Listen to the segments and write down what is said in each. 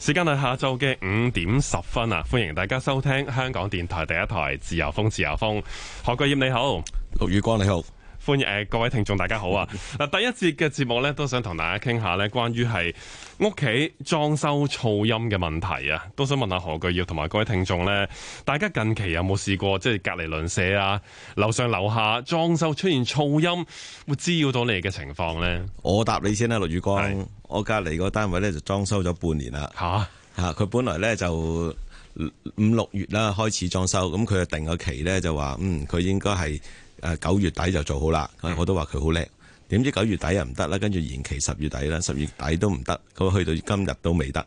時間係下晝嘅五點十分啊！歡迎大家收聽香港電台第一台自由風，自由風。何國艷你好，陸宇光你好。歡迎各位聽眾，大家好啊！嗱，第一節嘅節目呢，都想同大家傾下咧，關於係屋企裝修噪音嘅問題啊！都想問下何巨要同埋各位聽眾呢，大家近期有冇試過即係隔離鄰舍啊、樓上樓下裝修出現噪音，會滋擾到你嘅情況呢？我答你先啦，陸宇光，的我隔籬嗰單位呢，就裝修咗半年啦。吓吓、啊，佢本來呢，就五六月啦開始裝修，咁佢就定個期呢，就話，嗯，佢應該係。誒九月底就做好啦，我都話佢好叻。點知九月底又唔得啦，跟住延期十月底啦，十月底都唔得。佢去到今日都未得。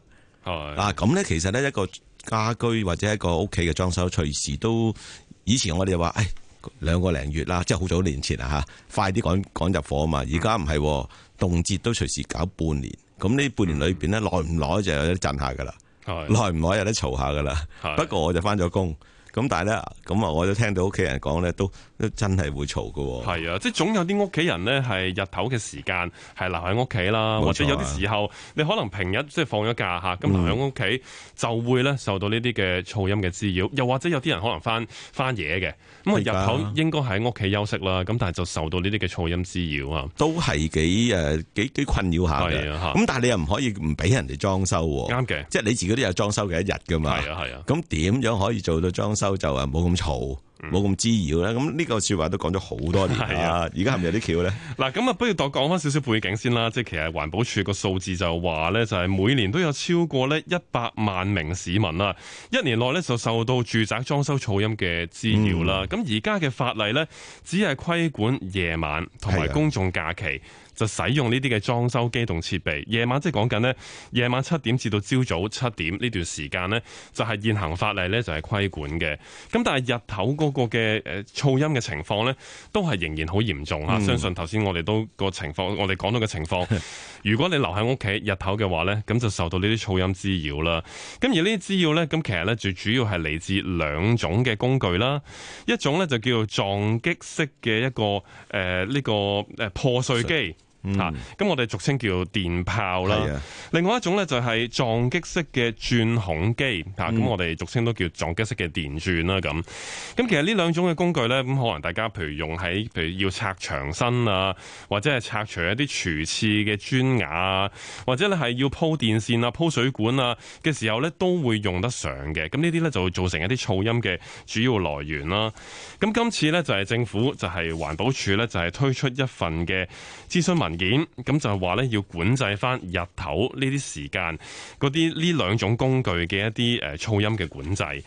是的 啊，咁咧其實咧一個家居或者一個屋企嘅裝修，隨時都以前我哋話誒兩個零月啦，即係好早年前啊嚇，快啲趕趕入伙啊嘛。而家唔係，動節都隨時搞半年。咁呢半年裏邊咧，耐唔耐就有得震下噶啦，耐唔耐有得嘈下噶啦。是的 不過我就翻咗工。的的咁但係咧，咁啊我都聽到屋企人講咧，都都真係會嘈嘅。係啊，即係總有啲屋企人咧，係日頭嘅時間，係留喺屋企啦，啊、或者有啲時候你可能平日即係放咗假吓，咁留喺屋企就會咧受到呢啲嘅噪音嘅滋擾，嗯、又或者有啲人可能翻翻夜嘅，咁啊的日頭應該喺屋企休息啦。咁但係就受到呢啲嘅噪音滋擾啊，都係幾誒幾幾困擾下嘅。咁的但係你又唔可以唔俾人哋裝修喎，啱嘅的，即係你自己都有裝修嘅一日噶嘛。係啊係啊，咁點的樣可以做到裝修？就就啊，冇咁嘈，冇咁滋擾啦。咁呢個說話都講咗好多年啦。而家係咪有啲巧咧？嗱，咁啊，是不，是 不如多講翻少少背景先啦。即係其實環保署個數字就話咧，就係每年都有超過咧一百萬名市民啦，一年內咧就受到住宅裝修噪音嘅滋擾啦。咁而家嘅法例咧，只係規管夜晚同埋公眾假期，就使用呢啲嘅裝修機動設備，夜晚即係講緊呢，夜晚七點至到朝早七點呢段時間呢，就係、是、現行法例呢，就係規管嘅。咁但係日頭嗰個嘅誒噪音嘅情況呢，都係仍然好嚴重，嗯、相信頭先我哋都個情況，我哋講到嘅情況。 如果你留喺屋企日頭嘅話咧，咁就受到呢啲噪音滋擾啦。咁而呢啲滋擾咧，咁其實咧最主要係嚟自兩種嘅工具啦，一種咧就叫做撞擊式嘅一個誒呢、呃這個誒破碎機。吓，咁、嗯、我哋俗稱叫電炮啦。另外一種咧就係撞擊式嘅鑽孔機吓，咁我哋俗稱都叫撞擊式嘅電鑽啦。咁，咁其實呢兩種嘅工具咧，咁可能大家譬如用喺譬如要拆牆身啊，或者係拆除一啲廚廁嘅磚瓦啊，或者你係要鋪電線啊、鋪水管啊嘅時候咧，都會用得上嘅。咁呢啲咧就會造成一啲噪音嘅主要來源啦。咁今次咧就係政府就係環保署咧就係推出一份嘅諮詢文。件，咁就係話咧，要管制返日頭呢啲時間嗰啲呢兩種工具嘅一啲誒噪音嘅管制。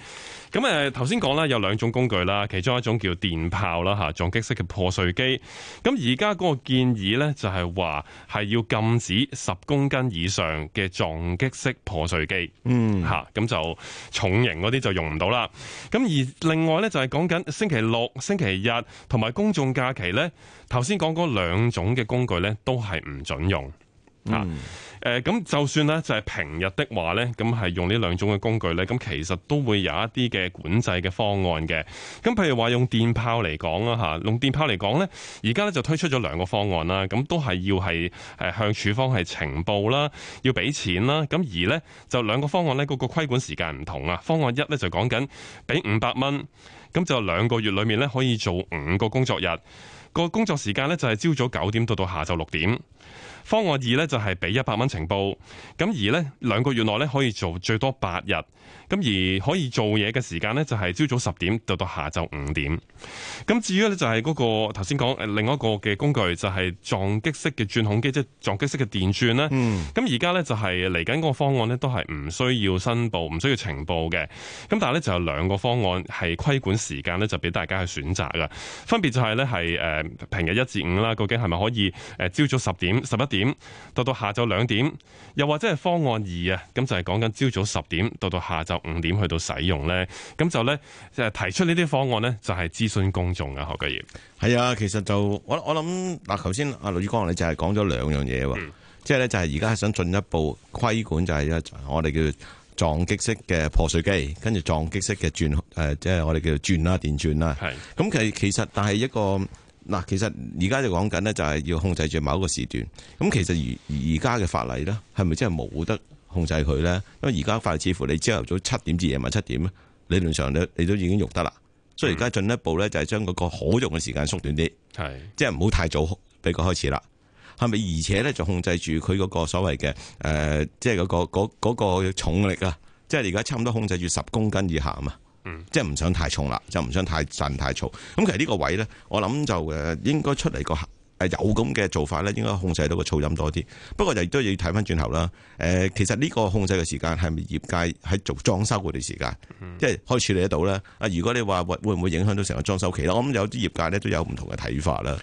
咁誒頭先講啦，有兩種工具啦，其中一種叫電炮啦嚇，撞擊式嘅破碎機。咁而家嗰個建議咧，就係話係要禁止十公斤以上嘅撞擊式破碎機。嗯嚇，咁就重型嗰啲就用唔到啦。咁而另外咧就係講緊星期六、星期日同埋公眾假期咧，頭先講嗰兩種嘅工具咧都係唔準用嚇。嗯。誒咁就算咧，就係平日的話咧，咁係用呢兩種嘅工具咧，咁其實都會有一啲嘅管制嘅方案嘅。咁譬如話用電炮嚟講啦，嚇用電炮嚟講咧，而家咧就推出咗兩個方案啦，咁都係要係誒向處方係呈報啦，要俾錢啦。咁而呢就兩個方案咧，嗰個規管時間唔同啊。方案一咧就講緊俾五百蚊，咁就兩個月裏面咧可以做五個工作日，個工作時間咧就係朝早九點到到下晝六點。方案二咧就係俾一百蚊情報，咁而呢兩個月內呢，可以做最多八日，咁而可以做嘢嘅時間呢，就係朝早十點到到下晝五點，咁至於呢、那個，就係嗰個頭先講誒另外一個嘅工具就係撞擊式嘅鑽孔機，即係撞擊式嘅電鑽啦。咁而家呢，就係嚟緊嗰個方案呢，都係唔需要申報，唔需要情報嘅，咁但係呢，就有兩個方案係規管時間呢，就俾大家去選擇噶，分別就係、是、呢，係、呃、誒平日一至五啦，究竟係咪可以誒朝、呃、早十點？十一點到到下晝兩點，又或者係方案二啊，咁就係講緊朝早十點到到下晝五點去到使用咧，咁就咧就係提出呢啲方案咧，就係諮詢公眾啊，何繼賢，係啊，其實就我我諗嗱，頭先阿盧宇光你、嗯、就係講咗兩樣嘢，即係咧就係而家係想進一步規管就、呃，就係、是，我哋叫撞擊式嘅破碎機，跟住撞擊式嘅轉誒，即係我哋叫做轉啦、電轉啦，咁其其實但係一個。嗱，其實而家就講緊咧，就係要控制住某一個時段。咁其實而而家嘅法例咧，係咪真係冇得控制佢咧？因為而家法例似乎你朝頭早七點至夜晚七點咧，理論上你你都已經用得啦。所以而家進一步咧，就係將嗰個可用嘅時間縮短啲，是即係唔好太早俾佢開始啦。係咪？而且咧，就控制住佢嗰個所謂嘅誒、呃，即係嗰、嗰個嗰、嗰個重力啊，即係而家差唔多控制住十公斤以下嘛。嗯、即係唔想太重啦，就唔想太震太嘈。咁其實呢個位咧，我諗就誒，應該出嚟個誒有咁嘅做法咧，應該控制到個噪音多啲。不過就亦都要睇翻轉頭啦。誒，其實呢個控制嘅時間係咪業界喺做裝修嗰段時間，即係、嗯、可以處理得到咧？啊，如果你話會唔會影響到成個裝修期咧？我諗有啲業界咧都有唔同嘅睇法啦。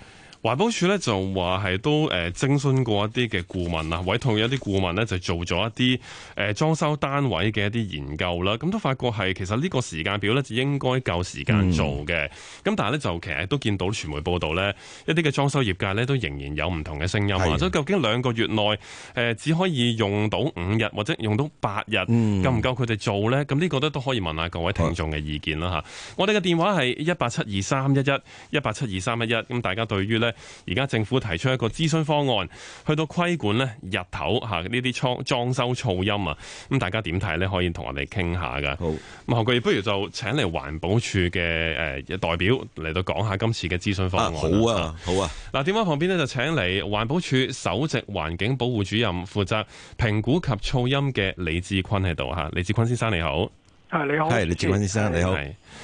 環保署咧就話係都誒徵詢過一啲嘅顧問啊，委託一啲顧問呢就做咗一啲誒、呃、裝修單位嘅一啲研究啦。咁都發覺係其實呢個時間表呢應該夠時間做嘅。咁、嗯、但係呢，就其實都見到傳媒報道呢，一啲嘅裝修業界呢都仍然有唔同嘅聲音或者的究竟兩個月內誒、呃、只可以用到五日或者用到八日、嗯、夠唔夠佢哋做呢？咁呢個都都可以問下各位聽眾嘅意見啦的我哋嘅電話係一八七二三一一一八七二三一一。咁大家對於呢而家政府提出一個諮詢方案，去到規管咧日頭吓呢啲裝裝修噪音啊。咁大家點睇呢？可以同我哋傾下噶。好咁，何國義，不如就請嚟環保署嘅誒代表嚟到講下今次嘅諮詢方案。啊，好啊，好啊。嗱，電話旁邊呢，就請嚟環保署首席環境保護主任負責評估及噪音嘅李志坤喺度吓。李志坤先生你好。係你好，係李志坤先生，你好。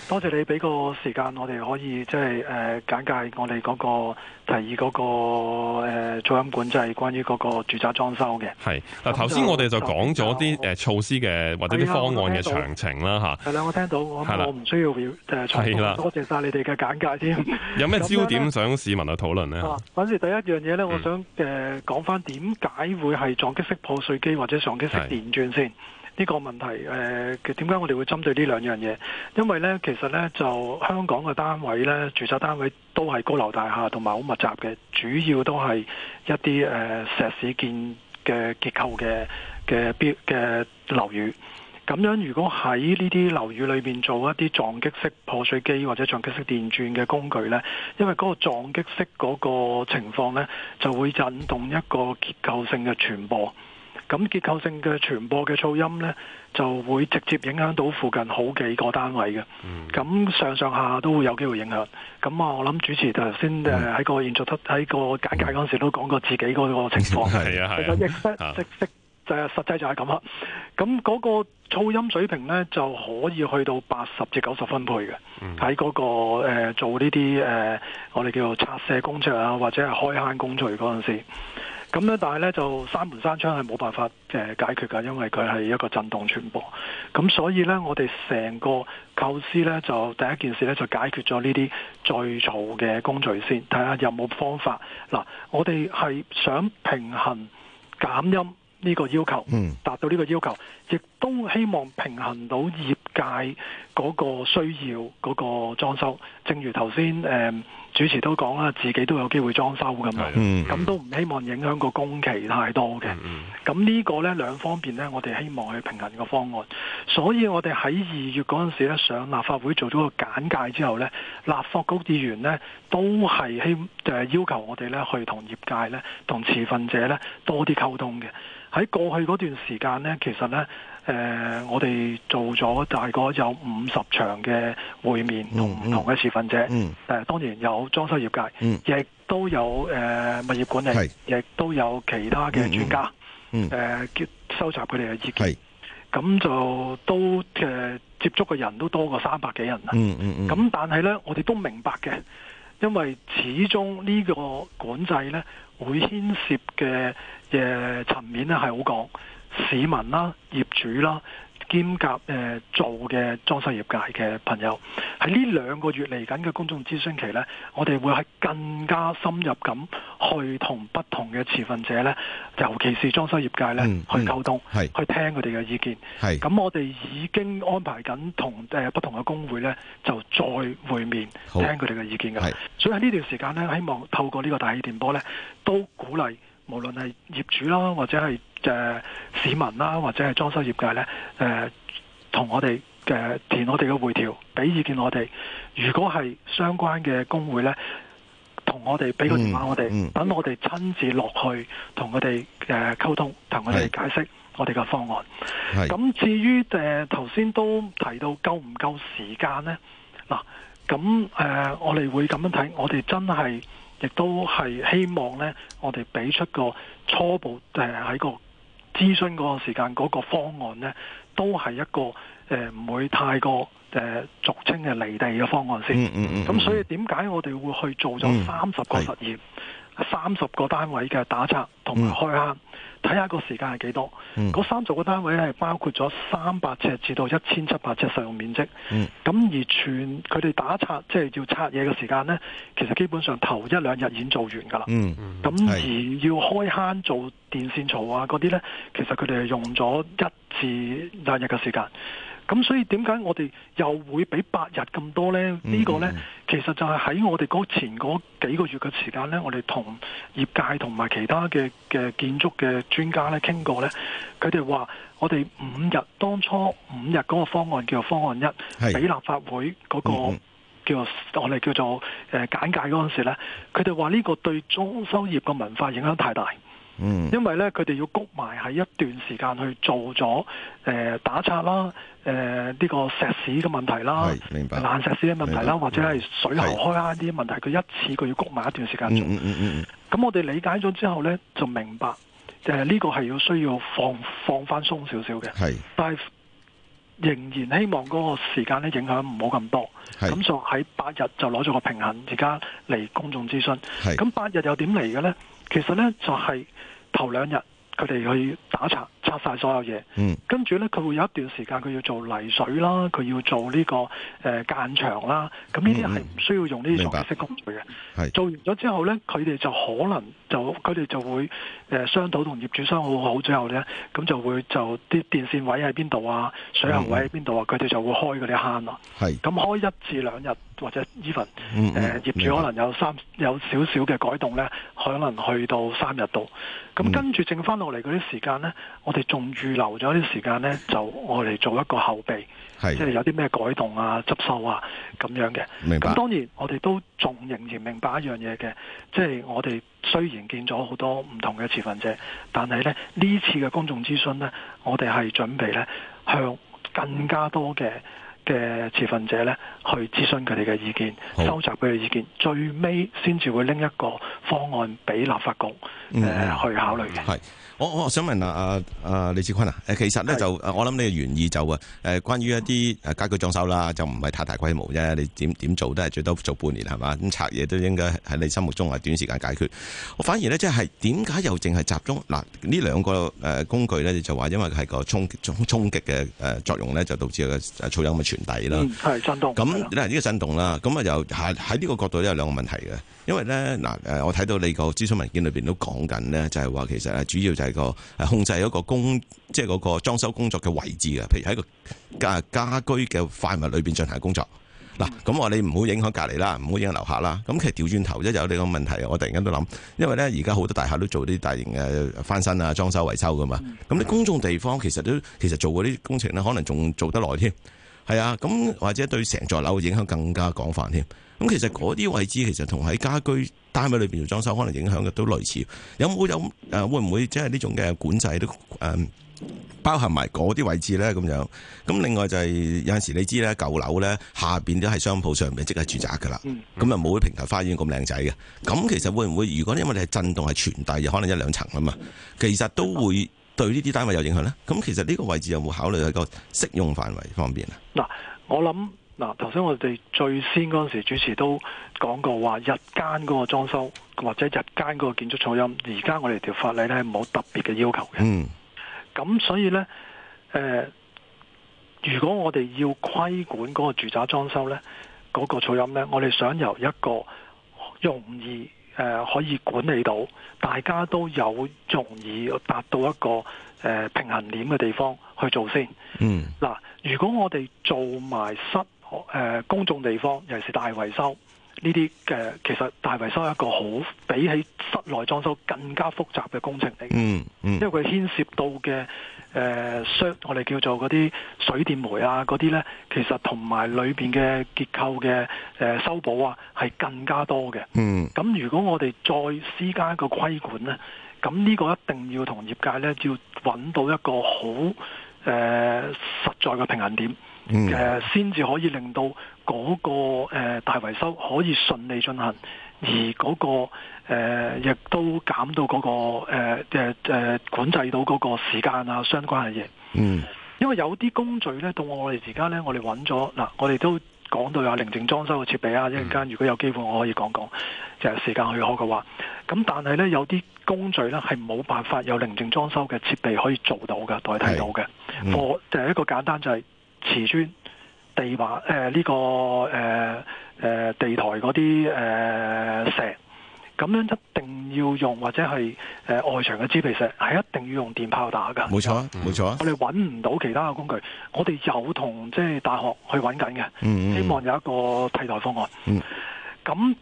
多謝你俾個時間，我哋可以即係誒簡介我哋嗰個提議嗰個噪音管制，關於嗰個住宅裝修嘅。係嗱，頭先我哋就講咗啲誒措施嘅或者啲方案嘅詳情啦，吓係啦，我聽到我唔需要表誒彩。係啦，多謝晒你哋嘅簡介添。有咩焦點想市民去討論呢？首先第一樣嘢咧，我想誒講翻點解會係撞擊式破碎機或者撞擊式電鑽先。呢個問題，誒點解我哋會針對呢兩樣嘢？因為呢，其實呢，就香港嘅單位呢，住宅單位都係高樓大廈，同埋好密集嘅，主要都係一啲誒、呃、石屎建嘅結構嘅嘅標嘅樓宇。咁樣如果喺呢啲樓宇裏面做一啲撞擊式破碎機或者撞擊式電鑽嘅工具呢，因為嗰個撞擊式嗰個情況呢，就會引動一個結構性嘅傳播。咁結構性嘅傳播嘅噪音呢，就會直接影響到附近好幾個單位嘅。咁、嗯、上上下下都會有機會影響。咁啊，我諗主持頭先喺個建築室喺個簡介嗰陣時都講過自己嗰個情況。係啊係啊，就係實，實際就係咁啦。咁嗰個噪音水平呢，就可以去到八十至九十分貝嘅。喺嗰、嗯那個、呃、做呢啲、呃、我哋叫做拆卸工作啊，或者係開坑工具嗰陣時。咁咧，但係咧就閂門閂窗係冇辦法解決噶，因為佢係一個震動傳播。咁所以咧，我哋成個構思咧，就第一件事咧，就解決咗呢啲最嘈嘅工序先，睇下有冇方法。嗱，我哋係想平衡減音。呢個要求，達到呢個要求，亦都希望平衡到業界嗰個需要嗰、嗰個裝修。正如頭先誒主持都講啦，自己都有機會裝修咁樣，咁都唔希望影響個工期太多嘅。咁呢個呢兩方面呢，我哋希望去平衡個方案。所以我哋喺二月嗰陣時咧，上立法會做咗個簡介之後呢，立法局議員呢都係希要求我哋呢去同業界呢、同持份者呢多啲溝通嘅。喺過去嗰段時間呢，其實呢，誒、呃，我哋做咗大概有五十場嘅會面同唔同嘅持份者，誒、嗯嗯呃，當然有裝修業界，亦、嗯、都有誒、呃、物業管理，亦是都有其他嘅專家，誒、嗯嗯呃，收集佢哋嘅意見，咁是就都誒、呃、接觸嘅人都多過三百幾人啦。咁、嗯嗯嗯、但係呢，我哋都明白嘅，因為始終呢個管制呢。會牽涉嘅嘅層面咧係好廣，市民啦、業主啦。兼夾、呃、做嘅裝修業界嘅朋友，喺呢兩個月嚟緊嘅公眾諮詢期呢，我哋會係更加深入咁去同不同嘅持份者呢，尤其是裝修業界呢，嗯、去溝通，是去聽佢哋嘅意見。咁是，我哋已經安排緊同、呃、不同嘅工會呢，就再會面聽佢哋嘅意見㗎。所以喺呢段時間呢，希望透過呢個大氣電波呢，都鼓勵無論係業主啦，或者係，嘅市民啦、啊，或者係裝修業界呢，誒、呃、同我哋嘅填我哋嘅回條，俾意見我哋。如果係相關嘅工會呢，同我哋俾個電話我，我哋、嗯，嗯、等我哋親自落去同佢哋誒溝通，同佢哋解釋我哋嘅方案。咁是至於誒頭先都提到夠唔夠時間呢，嗱，咁誒我哋會咁樣睇，我哋真係亦都係希望呢，我哋俾出個初步誒喺、呃、個。諮詢嗰個時間嗰個方案呢，都係一個唔、呃、會太過、呃、俗稱嘅離地嘅方案先。咁、嗯嗯嗯、所以點解我哋會去做咗三十個實驗，三十、嗯、個單位嘅打拆同埋開坑？嗯嗯睇下個時間係幾多？嗰、嗯、三組嘅單位咧，係包括咗三百尺至到一千七百尺實用面積。咁、嗯、而全佢哋打拆，即係要拆嘢嘅時間呢，其實基本上頭一兩日已經做完㗎啦。咁、嗯、而要開坑做電線槽啊嗰啲呢，其實佢哋係用咗一至兩日嘅時間。咁所以點解我哋又會俾八日咁多呢？呢個呢，其實就係喺我哋嗰前嗰幾個月嘅時間呢，我哋同業界同埋其他嘅嘅建築嘅專家咧傾過呢，佢哋話我哋五日，當初五日嗰個方案叫做方案一是，俾立法會嗰、嗰個叫，叫做我哋叫做誒簡介嗰陣時呢，佢哋話呢個對裝修業嘅文化影響太大。嗯、因為咧，佢哋要谷埋喺一段時間去做咗誒、呃、打拆啦，誒、呃、呢、這個石屎嘅問題啦，爛石屎嘅問題啦，白或者係水喉開啱啲問題，佢是一次佢要谷埋一段時間做。咁、嗯嗯嗯、我哋理解咗之後呢，就明白呢、呃這個係要需要放放翻鬆少少嘅。是但係仍然希望嗰個時間影響唔好咁多。係是，咁所以喺八日就攞咗個平衡，而家嚟公眾諮詢。係是，咁八日又點嚟嘅呢？其實呢，就係、是。頭兩日佢哋去打拆，拆晒所有嘢，嗯、跟住呢，佢會有一段時間佢要做泥水啦，佢要做呢、呢個誒間牆啦，咁呢啲係唔需要用呢啲黑色工具嘅。係做完咗之後呢，佢哋就可能就佢哋就會。誒商討同業主商好好之後呢，咁就會就啲電線位喺邊度啊，水喉位喺邊度啊，佢哋、mm hmm. 就會開嗰啲坑咯。咁、mm hmm. 開一至兩日或者 even 業、mm hmm. 業主可能有三有少少嘅改動呢，可能去到三日度。咁跟住剩翻落嚟嗰啲時間呢，mm hmm. 我哋仲預留咗啲時間呢，就我哋做一個後備。係，即係有啲咩改動啊、執修啊咁樣嘅。明白。當然，我哋都仲仍然明白一樣嘢嘅，即係我哋雖然見咗好多唔同嘅持份者，但係呢次嘅公眾諮詢呢，我哋係準備呢向更加多嘅嘅持份者呢去諮詢佢哋嘅意見，好。收集佢嘅意見，最尾先至會拎一個方案俾立法局、呃、嗯、去考慮嘅。我我、哦哦、想問啊啊、呃呃、李志坤啊，其實咧的就我諗你嘅原意就啊誒、呃、關於一啲家居裝修啦，就唔係太大規模啫。你點點做都係最多做半年係嘛？咁拆嘢都應該喺你心目中係短時間解決。我反而咧即係點解又淨係集中嗱呢、呃、兩個、呃、工具咧？就話因為係個衝衝衝擊嘅作用咧，就導致個噪音嘅傳遞啦。嗯，係震動。咁呢樣的個震動啦，咁啊就喺喺呢個角度都有兩個問題嘅。因為咧嗱，誒，我睇到你個諮詢文件裏邊都講緊咧，就係話其實主要就係個控制一個工，即係嗰個裝修工作嘅位置啊。譬如喺個家家居嘅範圍裏邊進行工作。嗱、嗯，咁話你唔好影響隔籬啦，唔好影響樓下啦。咁其實調轉頭一有呢個問題，我突然間都諗。因為咧，而家好多大廈都做啲大型嘅翻新啊、裝修維修噶嘛。咁啲公眾地方其實都其實做嗰啲工程咧，可能仲做得耐添。係啊，咁或者對成座樓影響更加廣泛添。咁其實嗰啲位置其實同喺家居單位裏邊做裝修可能影響嘅都類似，有冇有誒、呃、會唔會即係呢種嘅管制都誒、呃、包含埋嗰啲位置咧咁樣？咁另外就係有陣時你知咧舊樓咧下邊都係商鋪，上面即係住宅㗎喇，咁啊冇啲平台花園咁靚仔嘅。咁其實會唔會如果因為你係震動係傳遞，又可能一兩層啊嘛，其實都會對呢啲單位有影響咧。咁其實呢個位置有冇考慮喺個適用範圍方面啊？嗱，我諗。嗱，頭先我哋最先嗰陣時主持都講過話日間嗰個裝修或者日間嗰個建築噪音，而家我哋條法例呢冇特別嘅要求嘅。嗯，咁所以呢，呃、如果我哋要規管嗰個住宅裝修呢，嗰、嗰個噪音呢，我哋想由一個容易、呃、可以管理到，大家都有容易達到一個、呃、平衡點嘅地方去做先。嗯，嗱，如果我哋做埋室誒、呃、公眾地方尤其是大維修呢啲嘅，其實大維修係一個好比起室內裝修更加複雜嘅工程嚟，嗯。嗯嗯，因為佢牽涉到嘅誒、呃，我哋叫做嗰啲水電煤啊嗰啲呢，其實同埋裏面嘅結構嘅誒修補啊，係更加多嘅。嗯，咁如果我哋再施加一個規管呢，咁呢個一定要同業界呢，要揾到一個好誒、呃、實在嘅平衡點。誒，先至、嗯呃、可以令到嗰、那個誒、呃、大維修可以順利進行，而嗰、那個誒、呃、亦都減到嗰、那個誒誒、呃呃呃、管制到嗰個時間啊，相關嘅嘢。嗯，因為有啲工序咧，到我哋而家咧，我哋揾咗嗱，我哋都講到有寧靜裝修嘅設備啊，嗯、一陣間如果有機會我可以講講，就是時間許可嘅話。咁但係咧，有啲工序咧係冇辦法有寧靜裝修嘅設備可以做到嘅，到是代替到嘅。我就係一個簡單就係、是。瓷磚、地瓦、誒、呃、呢、這個誒誒、呃呃、地台嗰啲誒石，咁樣一定要用或者係誒、呃、外牆嘅支備石，係一定要用電炮打㗎。冇錯、啊，冇錯、啊。我哋揾唔到其他嘅工具，我哋有同即係大學去揾緊嘅，嗯嗯嗯希望有一個替代方案。咁、嗯。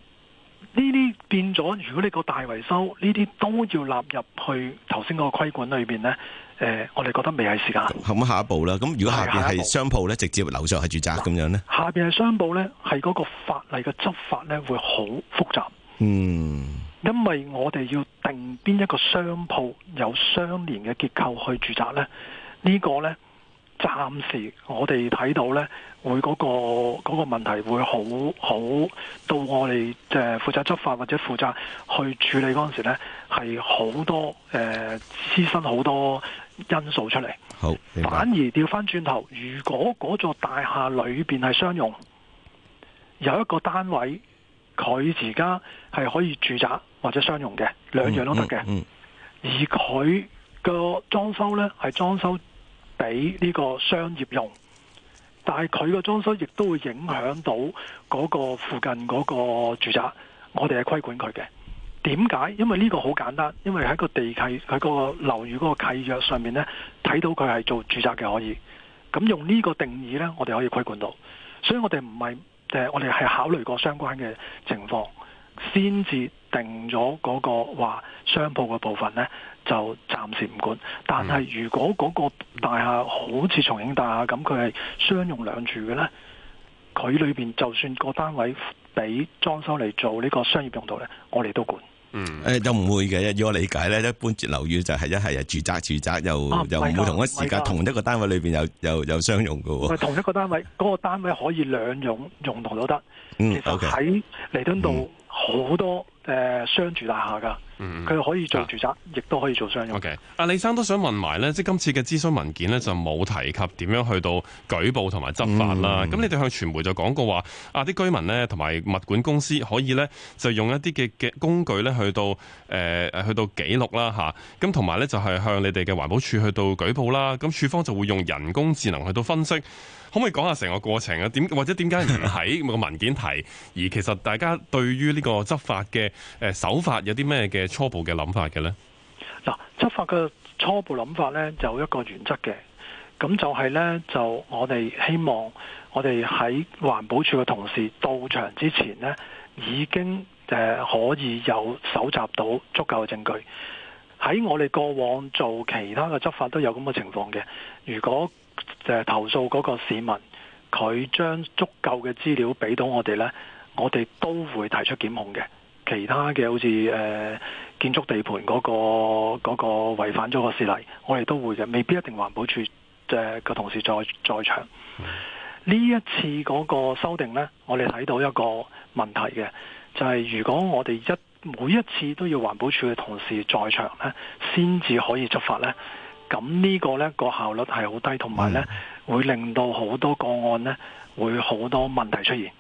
呢啲變咗，如果你個大維修，呢啲都要納入去頭先嗰個規管裏邊呢，誒，我哋覺得未係時間。咁下一步啦，咁如果下邊係商鋪呢，直接樓上係住宅咁樣呢？下邊係商鋪呢，係嗰個法例嘅執法呢會好複雜。嗯，因為我哋要定邊一個商鋪有相連嘅結構去住宅呢，呢、呢個呢。暫時我哋睇到呢，會嗰個嗰個問題會好好到我哋即、呃、負責執法或者負責去處理嗰陣時呢，係好多誒滋生好多因素出嚟。好，反而調返轉頭，如果嗰座大廈裏面係商用，有一個單位佢而家係可以住宅或者商用嘅兩樣都得嘅，嗯嗯嗯、而佢個裝修呢，係裝修。俾呢個商業用，但係佢個裝修亦都會影響到嗰個附近嗰個住宅，我哋係規管佢嘅。點解？因為呢個好簡單，因為喺個地契佢嗰個樓宇嗰個契約上面呢，睇到佢係做住宅嘅可以，咁、嗯、用呢個定義呢，我哋可以規管到。所以我哋唔係，我哋係考慮過相關嘅情況先至。定咗嗰個話商鋪嘅部分呢，就暫時唔管。但係如果嗰個大廈好似重慶大廈咁，佢係商用兩住嘅呢，佢裏邊就算個單位俾裝修嚟做呢個商業用途呢，我哋都管。嗯，誒、欸，都唔會嘅。以我理解呢，一般樓宇就係一係啊，住宅住宅又、啊、又唔會同一時間同一個單位裏邊又有又商用噶、哦。唔係同一個單位，嗰、那個單位可以兩用用途都得。嗯、其實喺彌敦道。好多誒、呃、商住大廈㗎，佢、嗯、可以做住宅，亦都、啊、可以做商用。O K.，阿李生都想問埋呢，即今次嘅諮詢文件呢，就冇提及點樣去到舉報同埋執法啦。咁、嗯、你哋向傳媒就講過話，啊啲居民呢，同埋物管公司可以呢，就用一啲嘅嘅工具呢、呃，去到誒去到記錄啦。咁同埋呢，啊、就係向你哋嘅環保署去到舉報啦。咁處方就會用人工智能去到分析。可唔可以講下成個過程啊？點或者點解唔喺個文件提？而其實大家對於呢個執法嘅誒手法有啲咩嘅初步嘅諗法嘅咧？嗱，執法嘅初步諗法咧，就有一個原則嘅，咁就係咧，就我哋希望我哋喺環保署嘅同事到場之前咧，已經誒可以有搜集到足夠嘅證據。喺我哋過往做其他嘅執法都有咁嘅情況嘅，如果。就係投訴嗰個市民，佢將足夠嘅資料俾到我哋呢，我哋都會提出檢控嘅。其他嘅好似誒，建築地盤嗰、嗰個、嗰個違反咗個事例，我哋都會嘅，未必一定環保署嘅個同事在在場。呢、嗯、一次嗰個修訂呢，我哋睇到一個問題嘅，就係、是、如果我哋一每一次都要環保署嘅同事在場呢，先至可以執法呢，咁呢個呢個效率係好低，同埋呢會令到好多個案呢會好多問題出現。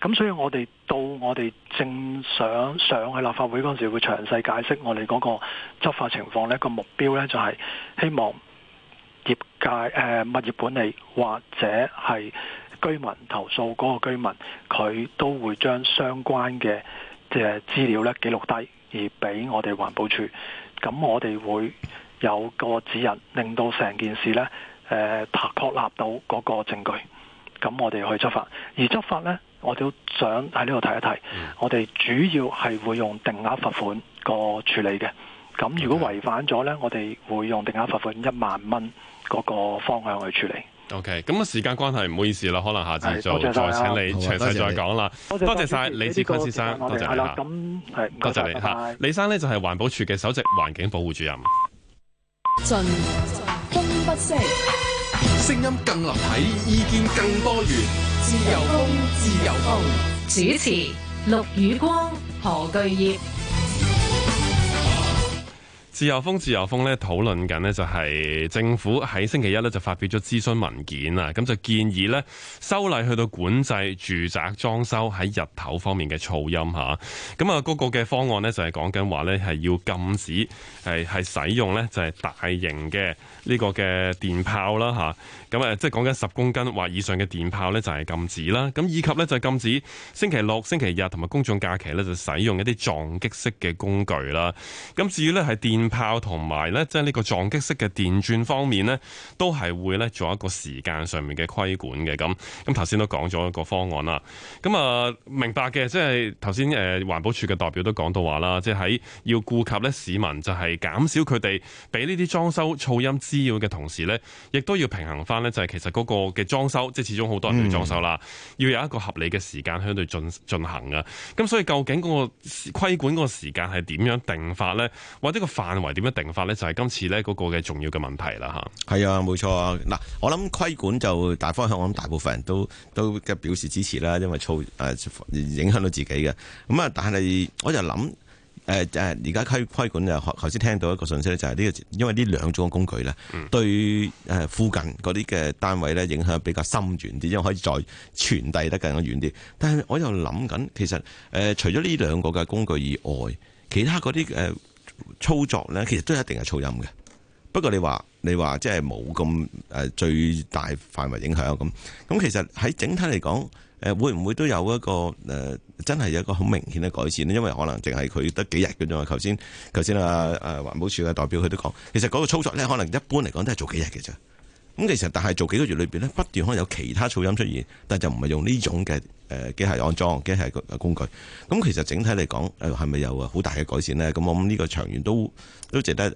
咁所以我哋到我哋正想上去立法會嗰陣時，會詳細解釋我哋嗰個執法情況呢、個目標呢就係希望業界物業管理或者係居民投訴嗰個居民，佢都會將相關嘅即係資料呢記錄低，而俾我哋環保署。咁我哋會。有個指引，令到成件事咧，誒、呃，確立到嗰個證據，咁我哋去執法。而執法咧，我都想喺呢度提一提，嗯、我哋主要係會用定額罰款個處理嘅。咁如果違反咗咧，嗯、我哋會用定額罰款一萬蚊嗰個方向去處理。OK，咁時間關係唔好意思啦，可能下次再，再請你詳細再講啦。多謝晒李志坤先生，多謝你吓。多謝你吓。李生咧就係環保署嘅首席環境保護主任。盡風不息，聲音更立體，意見更多元，自由風，自由風。主持：陸雨光、何巨業。自由風，自由風咧，討論緊呢，就係政府喺星期一咧，就發表咗諮詢文件啦。咁就建議呢，修例去到管制住宅裝修喺日頭方面嘅噪音嚇。咁啊，嗰個嘅方案呢，就係講緊話呢，係要禁止係係使用呢，就係大型嘅呢個嘅電炮啦，吓，咁啊，即係講緊十公斤或以上嘅電炮呢，就係禁止啦。咁以及呢，就禁止星期六、星期日同埋公眾假期呢，就使用一啲撞擊式嘅工具啦。咁至於呢，係電炮同埋咧，即係呢個撞擊式嘅電鑽方面咧，都係會咧做一個時間上面嘅規管嘅。咁咁頭先都講咗一個方案啦。咁啊，明白嘅，即係頭先誒環保署嘅代表都講到話啦，即係喺要顧及咧市民，就係減少佢哋俾呢啲裝修噪音滋擾嘅同時咧，亦都要平衡翻咧，就係其實嗰個嘅裝修，即係始終好多人要裝修啦，嗯、要有一個合理嘅時間喺度進進行啊，咁所以究竟個規管嗰個時間係點樣定法咧，或者個反？認為點樣定法咧，就係、是、今次咧嗰個嘅重要嘅問題啦，吓係啊，冇錯啊。嗱，我諗規管就大方向，我諗大部分人都都嘅表示支持啦，因為噪誒、呃、影響到自己嘅。咁啊，但係我就諗誒誒，而家規規管就頭先聽到一個信息咧、這個，就係呢個因為呢兩種嘅工具咧，嗯、對誒附近嗰啲嘅單位咧影響比較深遠啲，因為可以再傳遞得更加遠啲。但係我又諗緊，其實誒、呃、除咗呢兩個嘅工具以外，其他嗰啲誒。呃操作咧，其實都一定係噪音嘅。不過你話你話，即係冇咁誒，最大範圍影響咁。咁其實喺整體嚟講，誒、呃，會唔會都有一個誒、呃，真係有一個好明顯嘅改善呢？因為可能淨係佢得幾日嘅啫嘛。頭先頭先啊誒環保署嘅代表佢都講，其實嗰個操作咧，可能一般嚟講都係做幾日嘅啫。咁其實但係做幾個月裏面呢，不斷可能有其他噪音出現，但係就唔係用呢種嘅誒機械安裝機械工具。咁其實整體嚟講，係咪有啊好大嘅改善呢？咁我諗呢個長遠都都值得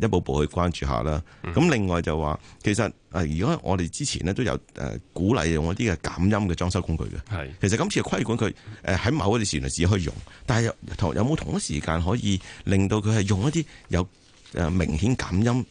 誒一步一步去關注下啦。咁、嗯、另外就話，其實誒如果我哋之前呢都有誒鼓勵用一啲嘅減音嘅裝修工具嘅，是其實今次規管佢喺某啲時段只可以用，但係有，有同有冇同一時間可以令到佢係用一啲有明顯減音？.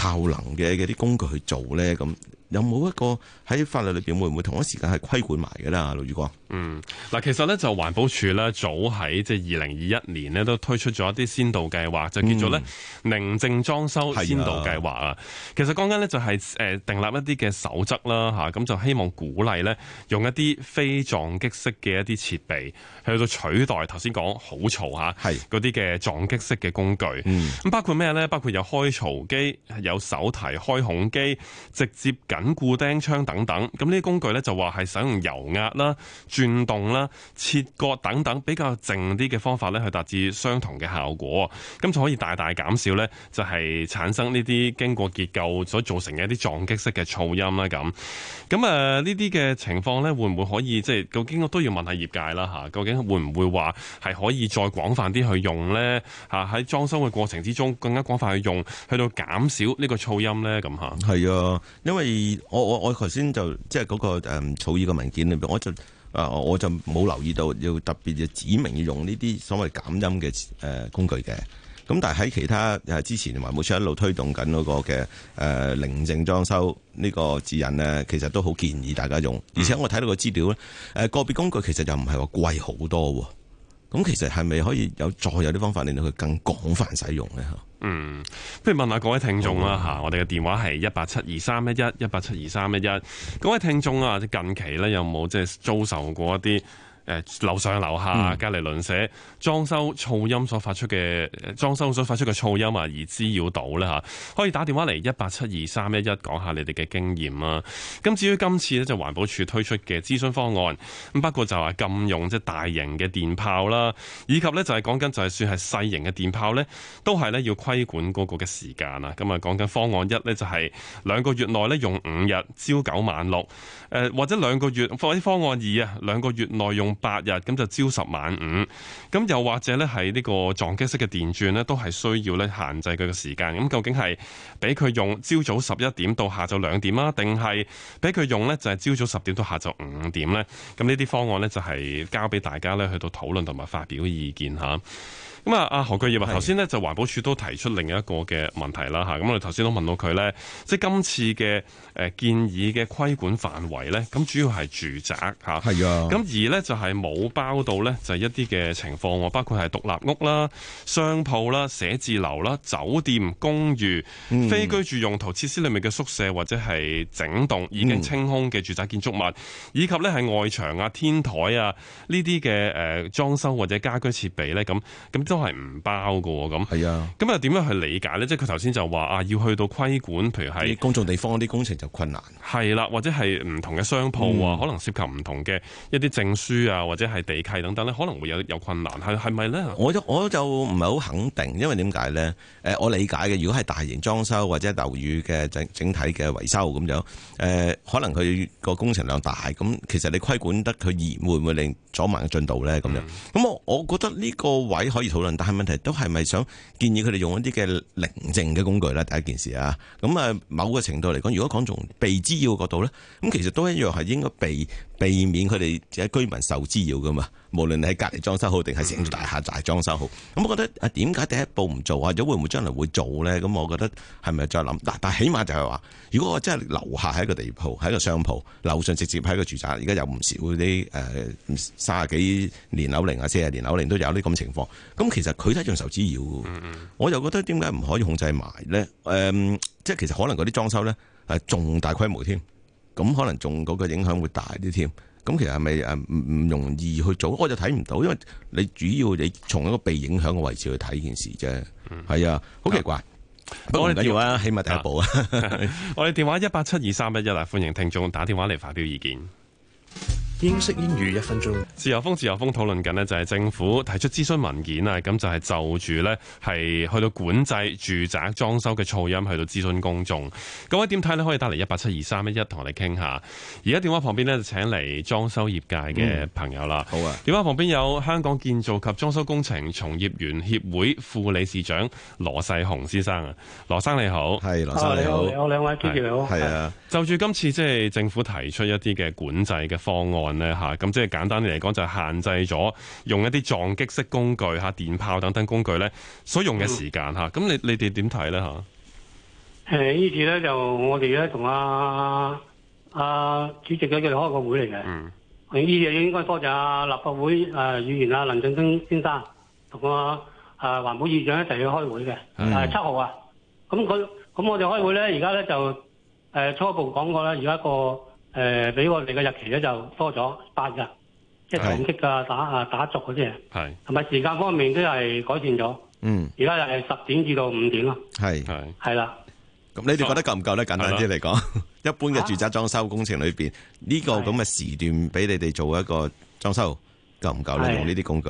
效能嘅嗰啲工具去做咧，咁有冇一個喺法律裏邊會唔會同一時間係規管埋嘅咧，老宇光？嗯，嗱，其實咧就環保署咧早喺即係二零二一年咧都推出咗一啲先導計劃，就叫做咧寧靜裝修先導計劃、嗯、啊。其實講緊咧就係誒訂立一啲嘅守則啦嚇咁、啊、就希望鼓勵咧用一啲非撞擊式嘅一啲設備去到取代頭先講好嘈嚇，係嗰啲嘅撞擊式嘅工具。咁是包括咩咧？包括有開槽機、有手提開孔機、直接緊固釘槍等等。咁呢啲工具咧就話係使用油壓啦。轉動啦、切割等等，比較靜啲嘅方法咧，去達至相同嘅效果，咁就可以大大減少咧，就係、是、產生呢啲經過結構所造成嘅一啲撞擊式嘅噪音啦。咁咁誒，呢啲嘅情況咧，會唔會可以即係究竟都要問下業界啦？吓，究竟會唔會話係可以再廣泛啲去用咧？吓，喺裝修嘅過程之中，更加廣泛去用，去到減少呢個噪音咧？咁吓，係啊，因為我我我頭先就即係嗰個誒、嗯、草擬嘅文件裏邊，我就。啊，我就冇留意到要特別要指明要用呢啲所謂減音嘅、誒工具嘅。咁但係喺其他誒，之前同埋冇錯一路推動緊嗰個嘅誒寧靜裝修呢個指引咧，其實都好建議大家用，而且我睇到個資料咧，誒個別工具其實就唔係話貴好多喎，咁其實係咪可以有再有啲方法令到佢更廣泛使用咧？嗯，不如問下各位聽眾啦吓，我哋嘅電話係一八七二三一一一八七二三一一，各位聽眾啊，近期呢有冇即係遭受過一啲誒、呃、樓上樓下、嗯、隔離鄰舍裝修噪音所發出嘅裝修所發出嘅噪音啊，而滋擾到呢嚇、啊，可以打電話嚟一八七二三一一講下你哋嘅經驗啊。咁至於今次咧就環保署推出嘅諮詢方案，咁包括就係禁用即係大型嘅電炮啦，以及咧就係講緊就係算係細型嘅電炮咧，都係咧要規管嗰個嘅時間啊。咁啊講緊方案一咧就係、是、兩個月內咧用五日朝九晚六，誒或者兩個月或者方案二啊兩個月內用，八日咁就朝十晚五，咁又或者咧係呢個撞擊式嘅電鑽呢，都係需要咧限制佢嘅時間。咁究竟係俾佢用朝早十一點到下晝兩點啊，定係俾佢用呢就係朝早十點到下晝五點呢？咁呢啲方案呢，就係交俾大家咧去到討論同埋發表意見吓。咁啊，阿何居業啊，頭先咧就環保署都提出另一個嘅問題啦吓，咁是我哋頭先都問到佢咧，即係今次嘅誒建議嘅規管範圍咧，咁主要係住宅吓，係啊，咁而咧就係冇包到咧，就係一啲嘅情況，包括係獨立屋啦、商鋪啦、寫字樓啦、酒店公寓、嗯、非居住用途設施裏面嘅宿舍或者係整棟已經清空嘅住宅建築物，嗯、以及咧係外牆啊、天台啊呢啲嘅誒裝修或者家居設備咧，咁咁。都係唔包嘅咁，係啊，咁又點樣去理解咧？即係佢頭先就話啊，要去到規管，譬如喺公眾地方啲工程就困難，係啦，或者係唔同嘅商鋪啊，嗯、可能涉及唔同嘅一啲證書啊，或者係地契等等咧，可能會有有困難，係係咪咧？我就我就唔係好肯定，因為點解咧？誒、呃，我理解嘅，如果係大型裝修或者樓宇嘅整整體嘅維修咁樣，誒、呃，可能佢個工程量大，咁其實你規管得佢嚴，會唔會令阻慢嘅進度咧？咁樣，咁、嗯、我我覺得呢個位可以。論，但係問題都係咪想建議佢哋用一啲嘅寧靜嘅工具咧？第一件事啊，咁啊，某個程度嚟講，如果講從被滋擾嘅角度咧，咁其實都一樣係應該被。避免佢哋嘅居民受滋擾噶嘛，無論你喺隔離裝修好定係成棟大廈大裝修好，咁我覺得啊，點解第一步唔做或者會唔會將來會做咧？咁我覺得係咪再諗嗱？但係起碼就係話，如果我真係樓下喺個地鋪喺個商鋪，樓上直接喺個住宅，而家有唔少啲誒、呃、三十幾年樓齡啊，四十年樓齡都有啲咁情況，咁其實佢都一樣受滋擾嘅。我又覺得點解唔可以控制埋咧？誒、呃，即係其實可能嗰啲裝修咧係仲大規模添。咁可能仲嗰個影響會大啲添，咁其實係咪誒唔唔容易去做？我就睇唔到，因為你主要你從一個被影響嘅位置去睇件事啫，係、嗯、啊，好奇怪。啊、不過我哋電話起碼第一步啊， 我哋電話一八七二三一一嗱，歡迎聽眾打電話嚟發表意見。英式英語一分鐘。自由風，自由風討論緊咧，就係、是、政府提出諮詢文件啊，咁就係、是、就住咧係去到管制住宅裝修嘅噪音，去到諮詢公眾。各位點睇咧？可以打嚟一八七二三一一同我哋傾下。而家電話旁邊咧就請嚟裝修業界嘅朋友啦、嗯。好啊，電話旁邊有香港建造及裝修工程從業員協會副理事長羅世雄先生啊。羅生你好，係羅生、啊、你好，你好兩位主持人好。係啊，就住今次即係政府提出一啲嘅管制嘅方案。咧咁即係簡單啲嚟講，就係、限制咗用一啲撞擊式工具嚇、電炮等等工具咧，所用嘅時間嚇。咁、嗯、你你哋點睇咧嚇？誒、呃，呢次咧就我哋咧同阿阿主席佢叫嚟開個會嚟嘅。嗯，呢次應該多謝、啊、立法會誒議員啊林振昇先生同個誒環保議長一齊去開會嘅。誒、哎呀，七、啊、號啊。咁佢咁我哋開會咧，而家咧就誒、呃、初步講過咧，而家一個。誒，俾、呃、我哋嘅日期咧就多咗八日，即係同息呀、是打啊打續嗰啲啊，係同埋時間方面都係改善咗。嗯，而家又係十點至到五點咯。係係係啦。咁的你哋覺得夠唔夠咧？簡單啲嚟講，的一般嘅住宅裝修工程裏面，呢、啊、個咁嘅時段俾你哋做一個裝修，夠唔夠嚟的用呢啲工具？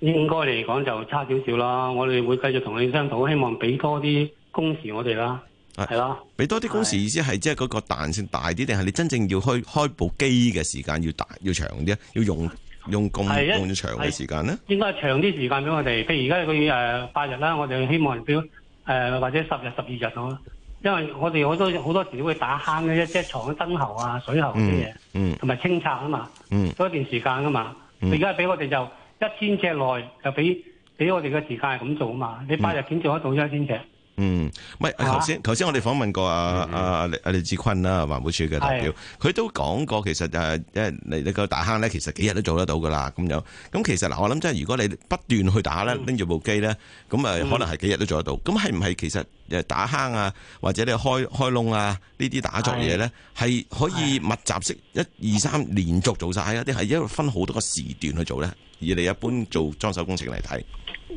應該嚟講就差少少啦。我哋會繼續同你商討，希望俾多啲工時我哋啦。係咯，俾多啲工時意思係即係嗰個彈性大啲，定係你真正要開開部機嘅時間要大要長啲，要用用咁咁的長嘅時間咧？應該係長啲時間俾我哋，譬如而家佢誒八日啦，我哋希望要誒、呃、或者十日十二日到，因為我哋好多好多時都會打坑嘅，即係藏喺燈喉啊、水喉啲嘢、嗯，嗯，同埋清拆啊嘛，嗯，多一段時間啊嘛，而家俾我哋就一千尺內就俾俾我哋嘅時間係咁做啊嘛，你八日點做得到一千尺。嗯嗯，唔係，頭先頭先我哋訪問過阿阿阿李志坤啦，啊，環保署嘅代表，佢的都講過，其實誒，即，啊、係你你個打坑咧，其實幾日都做得到噶啦，咁樣。咁其實嗱，我諗即係如果你不斷去打咧，拎住部機咧，咁誒、嗯，可能係幾日都做得到。咁係唔係其實？打坑啊，或者你開開窿啊，呢啲打作嘢咧，係的可以密集式一二三連續做晒，一啲係因為分好多個時段去做咧，而你一般做裝修工程嚟睇。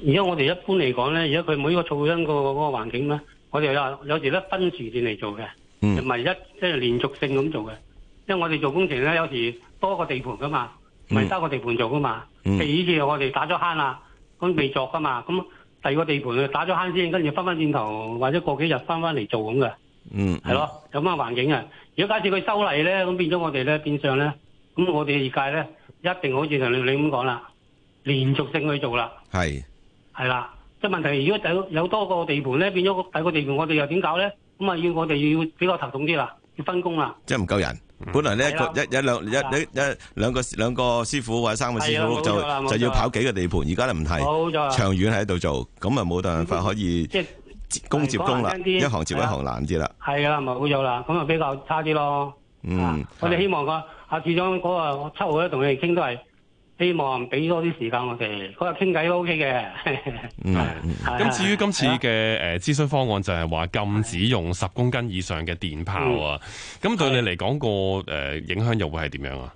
而家我哋一般嚟講咧，而家佢每一個噪音嗰個環境咧，我哋有有時都分時段嚟做嘅，唔係、嗯、一即係連續性咁做嘅。因為我哋做工程咧，有時多個地盤噶嘛，咪多個地盤做噶嘛。譬如、嗯、以前我哋打咗坑啊，咁未作噶嘛，咁。第二個地盤去打咗坑先，跟住翻翻轉頭或者過幾日翻翻嚟做咁嘅，嗯、mm，係、hmm. 咯，咁啊環境啊。如果假設佢修例咧，咁變咗我哋咧，變相咧，咁我哋嘅業界咧，一定好似同你你咁講啦，連續性去做啦，係、mm，係、hmm. 啦。即係問題，如果有有多個地盤咧，變咗個第二個地盤，我哋又點搞咧？咁啊，要我哋要比較頭痛啲啦。要分工啦，即係唔夠人。本來咧一個一、一兩、一、一、一兩個兩個師傅或者三個師傅就就要跑幾個地盤，而家咧唔係。好咗啦。長遠喺度做，咁啊冇辦法可以。即係工接工啦，一行接一行難啲啦。係啦，咪好咗啦，咁啊比較差啲咯。嗯，我哋希望個阿署長嗰個七號咧同你哋傾都係。希望俾多啲時間我哋，嗰日傾偈都 OK 嘅。嗯，咁、啊、至於今次嘅誒諮詢方案就係話禁止用十公斤以上嘅電炮啊。咁、嗯、對你嚟講個誒影響又會係點樣啊？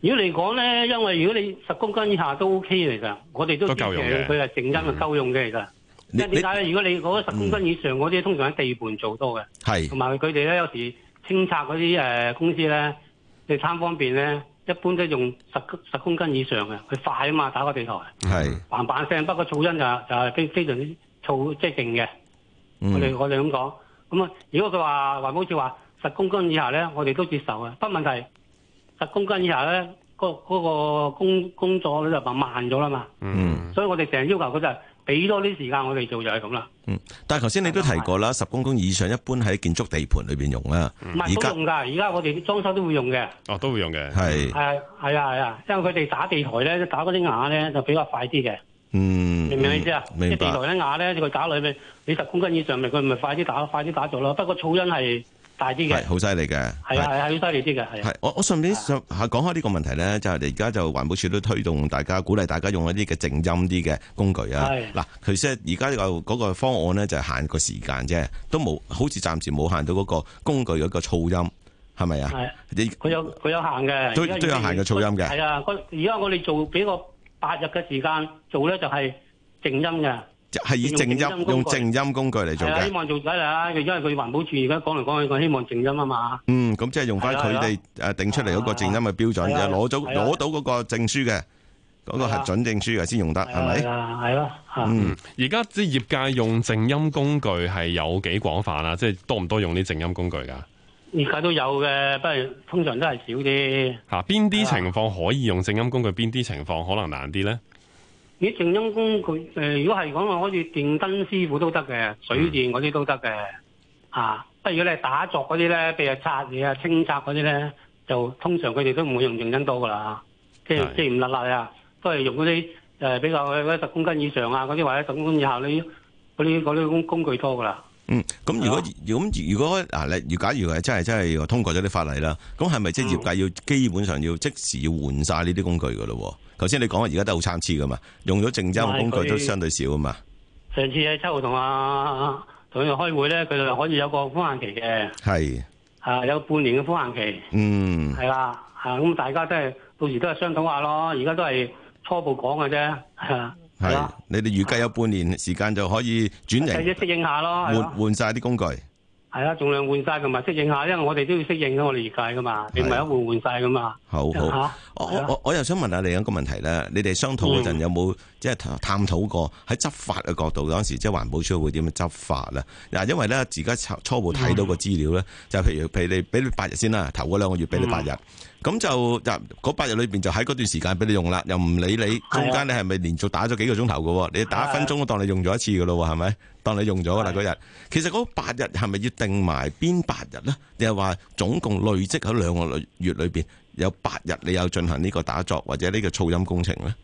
如果嚟講咧，因為如果你十公斤以下都 OK 嚟噶，其實我哋都夠用。佢係成斤就夠用嘅嚟噶。其實點解咧？如果你嗰十公斤以上嗰啲，通常喺地盤做多嘅，係同埋佢哋咧，有時清拆嗰啲公司咧，即係貪方便咧。一般都用十十公斤以上嘅，佢快啊嘛，打個地台，係是，嘭板聲，不過噪音就是、就係、是、非非常之噪，即係勁嘅。嗯、我哋我哋咁講，咁啊，如果佢話話好似話十公斤以下咧，我哋都接受嘅，不問題。十公斤以下咧，嗰、嗰個工工作咧就慢慢咗啦嘛。嗯。所以我哋成日要求佢就是。俾多啲時間我哋做就係咁啦。嗯，但係頭先你都提過啦，十、嗯、公斤以上一般喺建築地盤裏邊用啦。唔係、嗯、家都用㗎，而家我哋裝修都會用嘅。哦，都會用嘅，係係係啊係啊，因為佢哋打地台咧，打嗰啲瓦咧就比較快啲嘅。嗯，嗯，明唔明意思啊？明白。即係地台啲瓦咧，佢打落去，你十公斤以上，咪佢咪快啲打，快啲打造咯。不過噪音係。大啲嘅，係好犀利嘅，係啊係啊，好犀利啲嘅，係。係我我順便上係講開呢個問題咧，就係而家就環保署都推動大家鼓勵大家用一啲嘅靜音啲嘅工具啊。係嗱，其實而家呢嗰個方案咧就限個時間啫，都冇好似暫時冇限到嗰個工具嗰個噪音，係咪啊？係，佢有佢有限嘅，都都有限嘅噪音嘅。係啊，而家我哋做俾個八日嘅時間做咧，就係靜音嘅。係以靜音用靜音工具嚟做嘅，希望做仔啦。因為佢環保署而家講嚟講去，佢希望靜音啊嘛。嗯，咁即係用翻佢哋誒定出嚟嗰個靜音嘅標準，就攞咗攞到嗰個證書嘅嗰個核准證書嘅先用得，係咪？係啦，係咯。嗯，而家啲業界用靜音工具係有幾廣泛啊？即係多唔多用啲靜音工具噶？業界都有嘅，不過通常都係少啲。吓，邊啲情況可以用靜音工具？邊啲情況可能難啲咧？你靜音工具，呃、如果係講話好似電燈師傅都得嘅，水電嗰啲都得嘅吓，但如果你打鑿嗰啲咧，譬如拆嘢啊、清拆嗰啲咧，就通常佢哋都唔會用靜音多噶啦，即係即係唔甩揦呀，都係用嗰啲誒比較嗰十公斤以上啊嗰啲或者十公斤以下啲嗰啲嗰啲工工具多噶啦。嗯，咁如果咁、啊、如果嗱，如假如係真係真係通過咗啲法例啦，咁係咪即係業界要基本上要即時要換晒呢啲工具噶咯？頭先、嗯、你講啊，而家都好參差噶嘛，用咗正章嘅工具都相對少啊嘛。上次喺七號同阿同佢哋開會咧，佢哋就可以有個寬限期嘅，係吓是有半年嘅寬限期，嗯，係啦，吓咁大家都係到時都係商討下咯，而家都係初步講嘅啫，吓。係，你哋預計有半年時間就可以轉型，即係適應下咯，換換晒啲工具。係啊，盡量換晒同埋適應下，因為我哋都要適應,應，我哋預計噶嘛，你唔係一換換晒噶嘛。光的好好。的我我,我又想問下你一個問題咧，你哋商討嗰陣有冇即係探討過喺執法嘅角度，嗯、當時即係環保署會點樣執法啦？嗱，因為咧，而家初步睇到個資料咧，嗯、就譬如譬如你俾你八日先啦，頭嗰兩個月俾你八日。嗯咁就嗰八日裏邊就喺嗰段時間俾你用啦，又唔理你中間你係咪連續打咗幾個鐘頭喎？你打一分鐘都當你用咗一次噶咯，係咪？當你用咗喇嗰日，其實嗰八日係咪要定埋邊八日咧？你又話總共累積喺兩個月裏邊有八日你有進行呢個打作或者呢個噪音工程咧？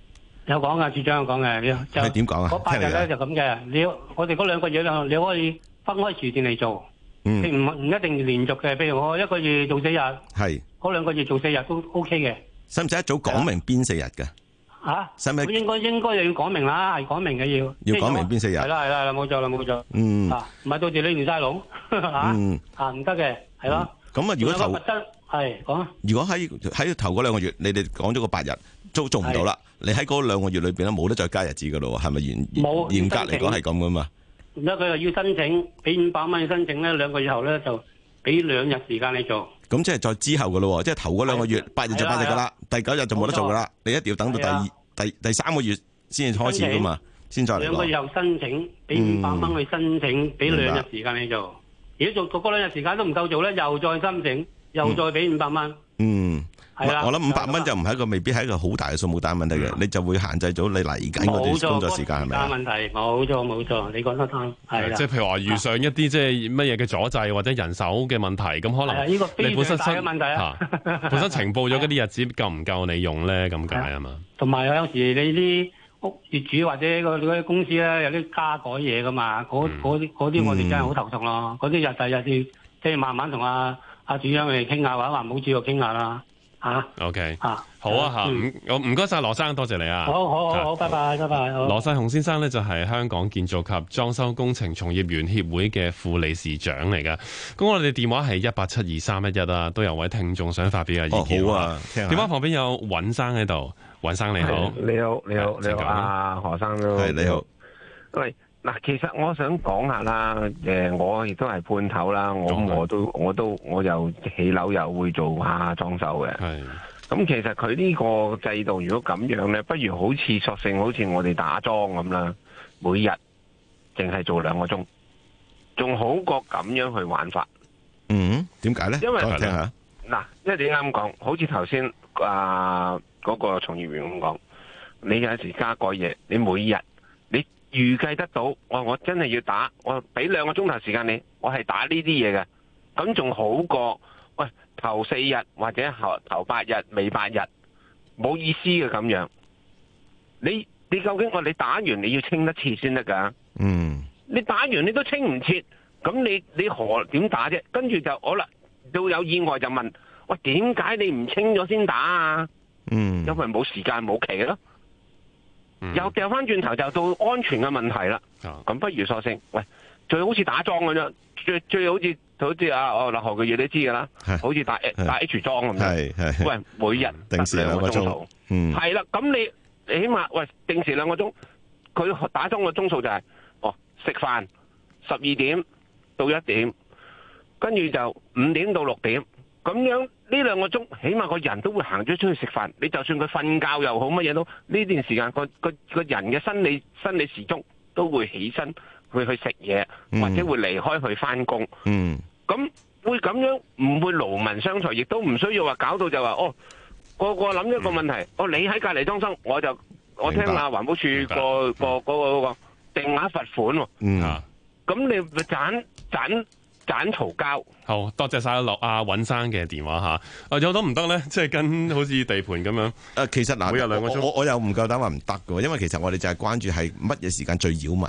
有講噶，處長有講嘅，就你點講啊？嗰八日咧就咁嘅，你我哋嗰兩個月你你可以分開時段嚟做。嗯，唔唔一定連續嘅，譬如我一個月做四日，係嗰兩個月做四日都 OK 嘅。使唔使一早講明邊四日嘅？吓，使唔使？應該應該又要講明啦，係講明嘅要。要講明邊四日？係啦係啦係啦，冇錯啦冇錯。嗯，唔係到住你完晒籠吓，啊唔得嘅，係咯。咁啊，如果頭係講。如果喺喺頭嗰兩個月，你哋講咗個八日，都做唔到啦。你喺嗰兩個月裏邊咧，冇得再加日子噶咯，係咪嚴嚴格嚟講係咁噶嘛？唔得，佢又要申請，俾五百蚊去申請咧，兩個月後咧就俾兩日時間你做。咁即係再之後嘅咯，即係頭嗰兩個月八日、哎、呀就八日嘅啦，哎、呀第九日就冇得做嘅啦。錯你一定要等到第二、哎、呀第第三個月先至開始嘅嘛，先請再嚟攞。兩個月後申請，俾五百蚊去申請，俾、嗯、兩日時間你做。白如果做嗰兩日時間都唔夠做咧，又再申請，又再俾五百蚊。嗯。我諗五百蚊就唔係一個未必係一個好大嘅數目，但係問題嘅，你就會限制咗你嚟緊嗰段工作時間，係咪啊？冇錯，冇問題，冇錯冇錯，你講得啱。係啊，即係譬如話遇上一啲即係乜嘢嘅阻滯或者人手嘅問題，咁可能你本身身，本身情報咗嗰啲日子夠唔夠你用咧？咁梗係啊嘛。同埋有時你啲屋業主或者嗰啲公司咧，有啲加改嘢噶嘛？嗰嗰啲嗰啲我哋真係好頭痛咯。嗰啲日第日先，即係慢慢同阿阿主任佢哋傾下，或者話冇事就傾下啦。吓，OK，吓，好啊吓，唔，唔該晒羅生，多謝你啊，好好好，好，拜拜，拜拜，好。羅世雄先生咧就係香港建造及裝修工程從業員協會嘅副理事長嚟噶，咁我哋電話係一八七二三一一啊，都有位聽眾想發表嘅意見啊，電話旁邊有尹生喺度，尹生你好，你好，你好，你好，啊何生都係你好，喂。嗱，其實我想講下啦，誒，我亦都係判頭啦，我我都我都我又起樓又會做下裝修嘅。咁的其實佢呢個制度如果咁樣咧，不如好似索性好似我哋打樁咁啦，每日淨係做兩個鐘，仲好過咁樣去玩法。嗯，點解咧？因為嗱，Okay. 因為你啱講，好似頭先啊嗰個從業員咁講，你有時加過嘢，你每日。預計得到，我、哦、我真係要打，我俾兩個鐘頭時間你，我係打呢啲嘢嘅，咁仲好過，喂頭四日或者頭頭八日、尾八日，冇意思嘅咁樣。你你究竟我、哦、你打完你要清一次先得噶，嗯，你打完你都清唔切，咁你你何點打啫？跟住就好啦，到有意外就問，喂點解你唔清咗先打啊？嗯，因為冇時間冇期咯。又掉翻轉頭就到安全嘅問題啦，咁不如索性，喂，最好似打樁咁樣，最最好似，好似啊，我劉浩嘅嘢，你知噶啦，好似打 打，打 H 樁咁樣，嗯，喂，每日定時兩個鐘係啦，咁你起碼喂定時兩個鐘，佢打樁嘅鐘數就係、是，哦，食飯十二點到一點，跟住就五點到六點，咁樣。呢兩個鐘，起碼個人都會行咗出去食飯。你就算佢瞓覺又好乜嘢都，呢段時間個，個，個人嘅生理生理時鐘都會起身，會去食嘢或者會離開去返工。嗯，咁會咁樣唔會勞民傷財，亦都唔需要話搞到就話哦，個個諗一個問題，嗯、哦，你喺隔離裝修我就我聽下環保署白、那個、那個、那個、嗰個定額罰款喎。嗯，咁你盞盞。那個那個那個斬草教，好多謝晒落阿尹生嘅電話吓。啊，有得唔得咧？即係跟好似地盤咁樣。誒，其實嗱，每日天兩我個鐘，我又唔夠膽話唔得嘅，因為其實我哋就係關注係乜嘢時間最擾民。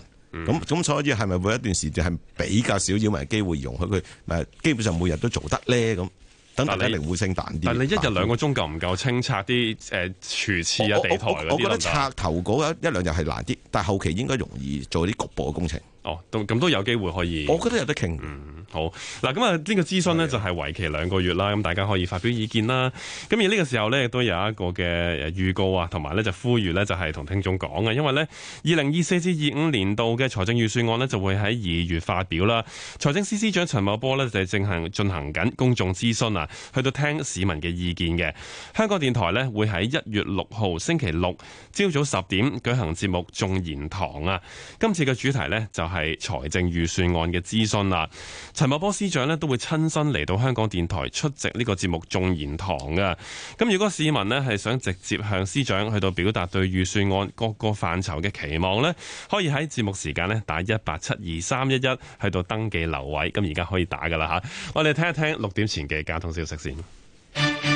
咁咁、嗯，所以係咪會一段時間係比較少擾民嘅機會，容許佢誒，基本上每日都做得咧咁。等大家你，靈活性彈啲。但你一日兩個鐘夠唔夠清拆啲誒廚廁啊地台嗰啲？我，我，我，我覺得拆頭嗰一兩一兩日係難啲，但係後期應該容易做啲局部嘅工程。哦，咁都有機會可以，我覺得有得傾。嗯，好嗱，咁啊呢個諮詢呢，就係為期兩個月啦，咁的大家可以發表意見啦。咁而呢個時候亦都有一個嘅預告啊，同埋咧就呼籲呢，就係同聽眾講嘅，因為呢，二零二四至二五年度嘅財政預算案呢，就會喺二月發表啦。財政司司長陳茂波呢，就係正進行進行緊公眾諮詢啊，去到聽市民嘅意見嘅。香港電台呢，會喺一月六號星期六朝早十點舉行節目《眾言堂》啊，今次嘅主題呢，就是。係財政預算案嘅諮詢啦，陳茂波司長呢都會親身嚟到香港電台出席呢個節目眾言堂嘅。咁如果市民呢係想直接向司長去到表達對預算案各個範疇嘅期望呢，可以喺節目時間呢打一八七二三一一去到登記留位。咁而家可以打噶啦吓，我哋聽一聽六點前嘅交通消息先。